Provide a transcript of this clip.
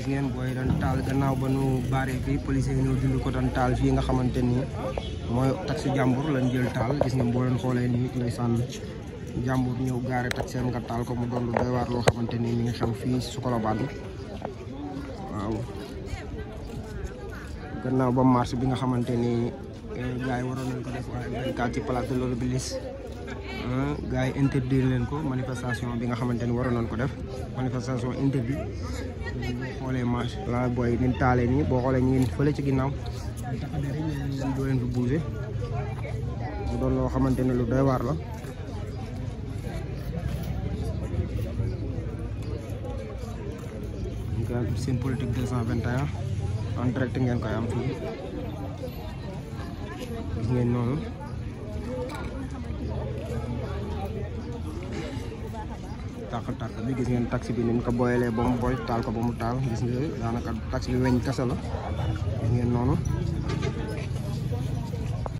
gis ngeen booy doon taal gannaaw ba nu baaree fii police yi ñëw dindi ko doon taal fii nga xamante ni taxi jàmbur lañ jël taal gis ngeen boo leen xoolee nii ndeysaan jàmbur ñëw gaare taxeem nga taal ko mu doon lu doy mi waaw gannaaw ba bi nga Gaya waronon waroon nañ ko def waaye ci place de l'Obélisque gars yi interdire leen ko manifestation bi nga xamante ni waroon nañ ko def manifestation interdit bu xoolee marche la booy ni taalee nii boo xoolee ñu ngi ci ginnaaw taxadeer yi bouger mu doon loo lu doy waar la seen politique 221 en direct ngeen am gis ngeen noonu tàq-tàq bi gis ngeen taxi bi ni mu ko boyalee ba mu boy taal ko ba mu taal gis nga daanaka taxi bi weñ kasa la gis ngeen noonu